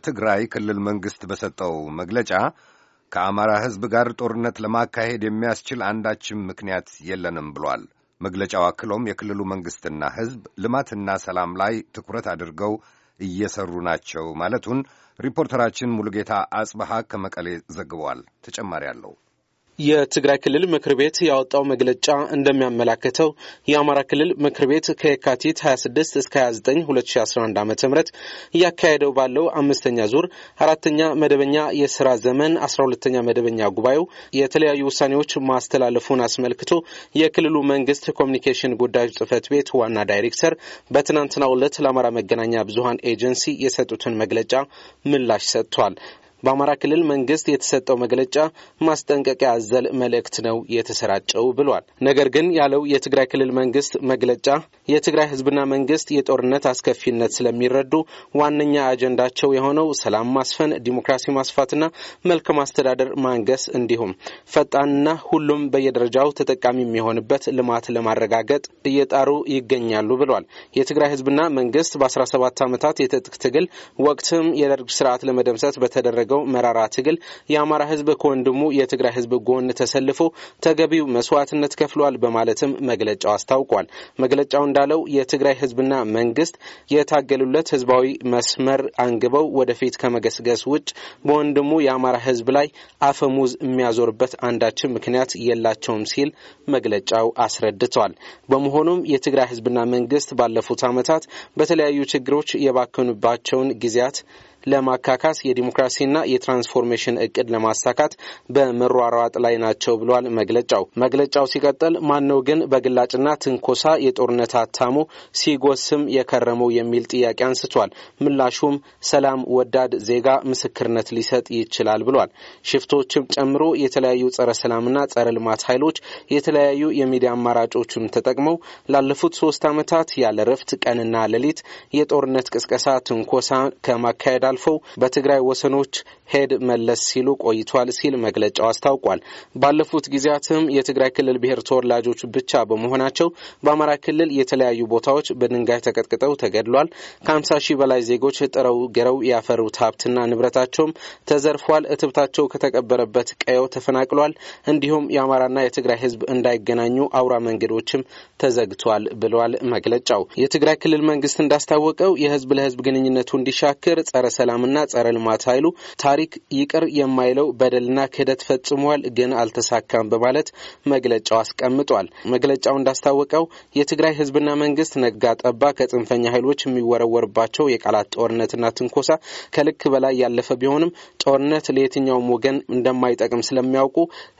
የትግራይ ክልል መንግሥት በሰጠው መግለጫ ከአማራ ሕዝብ ጋር ጦርነት ለማካሄድ የሚያስችል አንዳችም ምክንያት የለንም ብሏል። መግለጫው አክሎም የክልሉ መንግሥትና ሕዝብ ልማትና ሰላም ላይ ትኩረት አድርገው እየሰሩ ናቸው ማለቱን ሪፖርተራችን ሙሉጌታ አጽበሃ ከመቀሌ ዘግቧል። ተጨማሪ አለው። የትግራይ ክልል ምክር ቤት ያወጣው መግለጫ እንደሚያመላክተው የአማራ ክልል ምክር ቤት ከየካቲት 26 እስከ 29 2011 ዓ ም እያካሄደው ባለው አምስተኛ ዙር አራተኛ መደበኛ የስራ ዘመን 12ተኛ መደበኛ ጉባኤው የተለያዩ ውሳኔዎች ማስተላለፉን አስመልክቶ የክልሉ መንግስት ኮሚኒኬሽን ጉዳዮች ጽህፈት ቤት ዋና ዳይሬክተር በትናንትናው ዕለት ለአማራ መገናኛ ብዙሀን ኤጀንሲ የሰጡትን መግለጫ ምላሽ ሰጥቷል። በአማራ ክልል መንግስት የተሰጠው መግለጫ ማስጠንቀቂያ አዘል መልእክት ነው የተሰራጨው ብሏል። ነገር ግን ያለው የትግራይ ክልል መንግስት መግለጫ የትግራይ ህዝብና መንግስት የጦርነት አስከፊነት ስለሚረዱ ዋነኛ አጀንዳቸው የሆነው ሰላም ማስፈን፣ ዲሞክራሲ ማስፋትና መልካም አስተዳደር ማንገስ እንዲሁም ፈጣንና ሁሉም በየደረጃው ተጠቃሚ የሚሆንበት ልማት ለማረጋገጥ እየጣሩ ይገኛሉ ብሏል። የትግራይ ህዝብና መንግስት በ17 ዓመታት የትጥቅ ትግል ወቅትም የደርግ ስርዓት ለመደምሰት በተደረገ ባደረገው መራራ ትግል የአማራ ህዝብ ከወንድሙ የትግራይ ህዝብ ጎን ተሰልፎ ተገቢው መስዋዕትነት ከፍሏል በማለትም መግለጫው አስታውቋል። መግለጫው እንዳለው የትግራይ ህዝብና መንግስት የታገሉለት ህዝባዊ መስመር አንግበው ወደፊት ከመገስገስ ውጭ በወንድሙ የአማራ ህዝብ ላይ አፈሙዝ የሚያዞርበት አንዳችም ምክንያት የላቸውም ሲል መግለጫው አስረድቷል። በመሆኑም የትግራይ ህዝብና መንግስት ባለፉት ዓመታት በተለያዩ ችግሮች የባከኑባቸውን ጊዜያት ለማካካስ የዲሞክራሲና የትራንስፎርሜሽን እቅድ ለማሳካት በመሯሯጥ ላይ ናቸው ብሏል መግለጫው። መግለጫው ሲቀጥል ማነው ግን በግላጭና ትንኮሳ የጦርነት አታሞ ሲጎስም የከረመው የሚል ጥያቄ አንስቷል። ምላሹም ሰላም ወዳድ ዜጋ ምስክርነት ሊሰጥ ይችላል ብሏል። ሽፍቶችም ጨምሮ የተለያዩ ጸረ ሰላምና ጸረ ልማት ኃይሎች የተለያዩ የሚዲያ አማራጮችን ተጠቅመው ላለፉት ሶስት ዓመታት ያለ ረፍት ቀንና ሌሊት የጦርነት ቅስቀሳ ትንኮሳ ከማካሄዳ አልፈው በትግራይ ወሰኖች ሄድ መለስ ሲሉ ቆይቷል ሲል መግለጫው አስታውቋል። ባለፉት ጊዜያትም የትግራይ ክልል ብሔር ተወላጆች ብቻ በመሆናቸው በአማራ ክልል የተለያዩ ቦታዎች በድንጋይ ተቀጥቅጠው ተገድሏል። ከ50 ሺህ በላይ ዜጎች ጥረው ገረው ያፈሩት ሀብትና ንብረታቸውም ተዘርፏል። እትብታቸው ከተቀበረበት ቀየው ተፈናቅሏል። እንዲሁም የአማራና የትግራይ ህዝብ እንዳይገናኙ አውራ መንገዶችም ተዘግቷል ብሏል መግለጫው። የትግራይ ክልል መንግስት እንዳስታወቀው የህዝብ ለህዝብ ግንኙነቱ እንዲሻክር ጸረ ሰላምና ጸረ ልማት ኃይሉ ታሪክ ይቅር የማይለው በደልና ክህደት ፈጽሟል፣ ግን አልተሳካም በማለት መግለጫው አስቀምጧል። መግለጫው እንዳስታወቀው የትግራይ ህዝብና መንግስት ነጋ ጠባ ከጽንፈኛ ኃይሎች የሚወረወርባቸው የቃላት ጦርነትና ትንኮሳ ከልክ በላይ ያለፈ ቢሆንም ጦርነት ለየትኛውም ወገን እንደማይጠቅም ስለሚያውቁ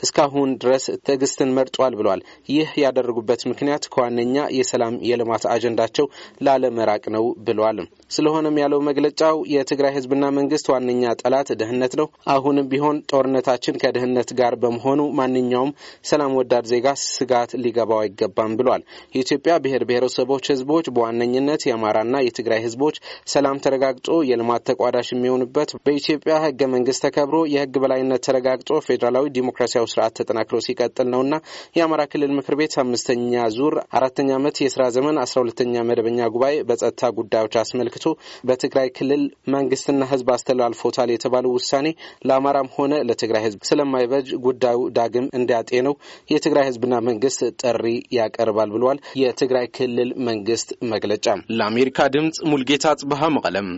እስካሁን ድረስ ትዕግስትን መርጧል ብሏል። ይህ ያደረጉበት ምክንያት ከዋነኛ የሰላም የልማት አጀንዳቸው ላለመራቅ ነው ብሏል። ስለሆነም ያለው መግለጫው የትግራይ የትግራይ ህዝብና መንግስት ዋነኛ ጠላት ድህነት ነው። አሁንም ቢሆን ጦርነታችን ከድህነት ጋር በመሆኑ ማንኛውም ሰላም ወዳድ ዜጋ ስጋት ሊገባው አይገባም ብሏል። የኢትዮጵያ ብሔር ብሔረሰቦች ህዝቦች በዋነኝነት የአማራና የትግራይ ህዝቦች ሰላም ተረጋግጦ የልማት ተቋዳሽ የሚሆንበት በኢትዮጵያ ህገ መንግስት ተከብሮ የህግ በላይነት ተረጋግጦ ፌዴራላዊ ዲሞክራሲያዊ ስርዓት ተጠናክሮ ሲቀጥል ነውና የአማራ ክልል ምክር ቤት አምስተኛ ዙር አራተኛ ዓመት የስራ ዘመን አስራ ሁለተኛ መደበኛ ጉባኤ በጸጥታ ጉዳዮች አስመልክቶ በትግራይ ክልል መንግስት መንግስትና ህዝብ አስተላልፎታል የተባለው ውሳኔ ለአማራም ሆነ ለትግራይ ህዝብ ስለማይበጅ ጉዳዩ ዳግም እንዲያጤነው የትግራይ ህዝብና መንግስት ጥሪ ያቀርባል ብለዋል የትግራይ ክልል መንግስት መግለጫ። ለአሜሪካ ድምጽ ሙልጌታ ጽብሃ መቀለም